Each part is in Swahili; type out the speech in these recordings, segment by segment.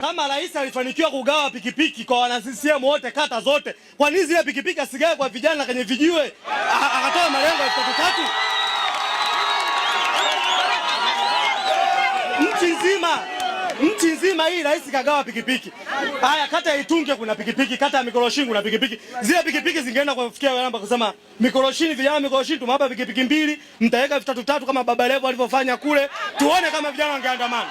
Kama rais alifanikiwa kugawa pikipiki kwa wana CCM wote kata zote, kwa nini zile pikipiki asigae kwa vijana kwenye vijiwe? Akatoa malengo elfu tatu nchi nzima nchi nzima hii rais kagawa pikipiki. Haya, kata ya Itunge kuna pikipiki, kata ya Mikoroshini kuna pikipiki. Zile pikipiki zingeenda kufikia wale ambao kusema Mikoroshini, vijana Mikoroshini, tumewapa pikipiki mbili, mtaweka elfu tatu tatu kama Baba Levo alivyofanya kule, tuone kama vijana wangeandamana.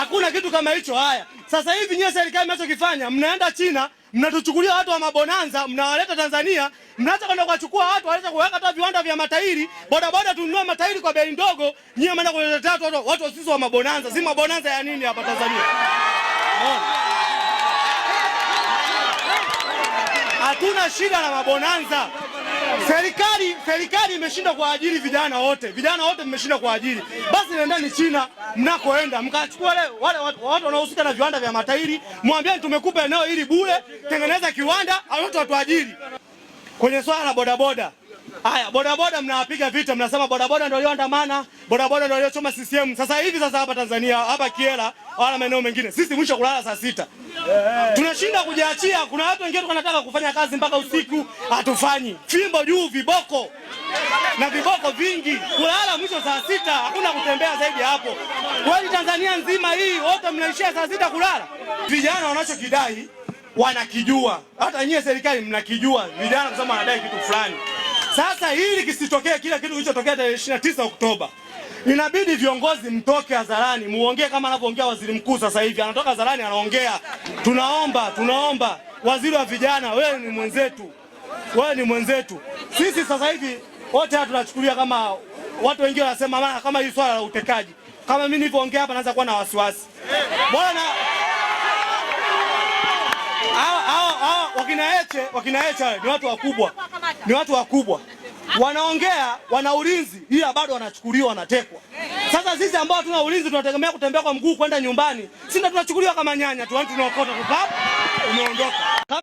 Hakuna kitu kama hicho. Haya, sasa hivi nyewe serikali mnachokifanya, mnaenda China mnatuchukulia watu wa mabonanza, mnawaleta Tanzania, mnaacha kwenda kuwachukua watu waleta kuweka hata viwanda vya matairi, bodaboda tununua matairi kwa bei ndogo, nyinyi mnaenda kuleta watu watu watu sisi wa mabonanza. Si mabonanza ya nini hapa Tanzania? Hatuna shida na mabonanza serikali imeshindwa kuajiri vijana wote, vijana wote mmeshindwa kuajiri, basi nendeni China mnakoenda mkachukua wale wale watu wanaohusika na viwanda vya matairi, mwambie tumekupa eneo hili bure, tengeneza kiwanda, au watu watuajiri. Kwenye swala la bodaboda Haya, bodaboda mnawapiga vita, mnasema bodaboda ndio walioandamana, bodaboda ndio waliochoma CCM. Sasa hivi sasa hapa Tanzania, hapa Kiela, wala maeneo mengine, sisi mwisho kulala saa sita tunashinda kujiachia. Kuna watu wengine tunataka kufanya kazi mpaka usiku, hatufanyi. Fimbo juu, viboko na viboko vingi, kulala mwisho saa sita, hakuna kutembea zaidi hapo. Kwani Tanzania nzima hii wote mnaishia saa sita kulala? Vijana wanachokidai wanakijua, hata nyie serikali mnakijua. Vijana kusema wanadai kitu fulani sasa hili kisitokee kila kitu kilichotokea tarehe 29 Oktoba. Inabidi viongozi mtoke hadharani muongee kama anavyoongea waziri mkuu sasa hivi, anatoka hadharani anaongea. Tunaomba, tunaomba waziri wa vijana, wewe ni mwenzetu, wewe ni mwenzetu. Sisi sasa hivi wote hapa tunachukulia kama watu wengine wanasema maana kama hii swala la utekaji, kama mimi nilivyoongea hapa, naanza kuwa na wasiwasi bwana. Hao hao wakina Heche, wakina Heche ni watu wakubwa ni watu wakubwa, wanaongea, wana ulinzi, ila bado wanachukuliwa, wanatekwa. Sasa sisi ambao tuna ulinzi tunategemea kutembea kwa mguu kwenda nyumbani, si ndio? Tunachukuliwa kama nyanya tu, yaani tunaokota tu, umeondoka.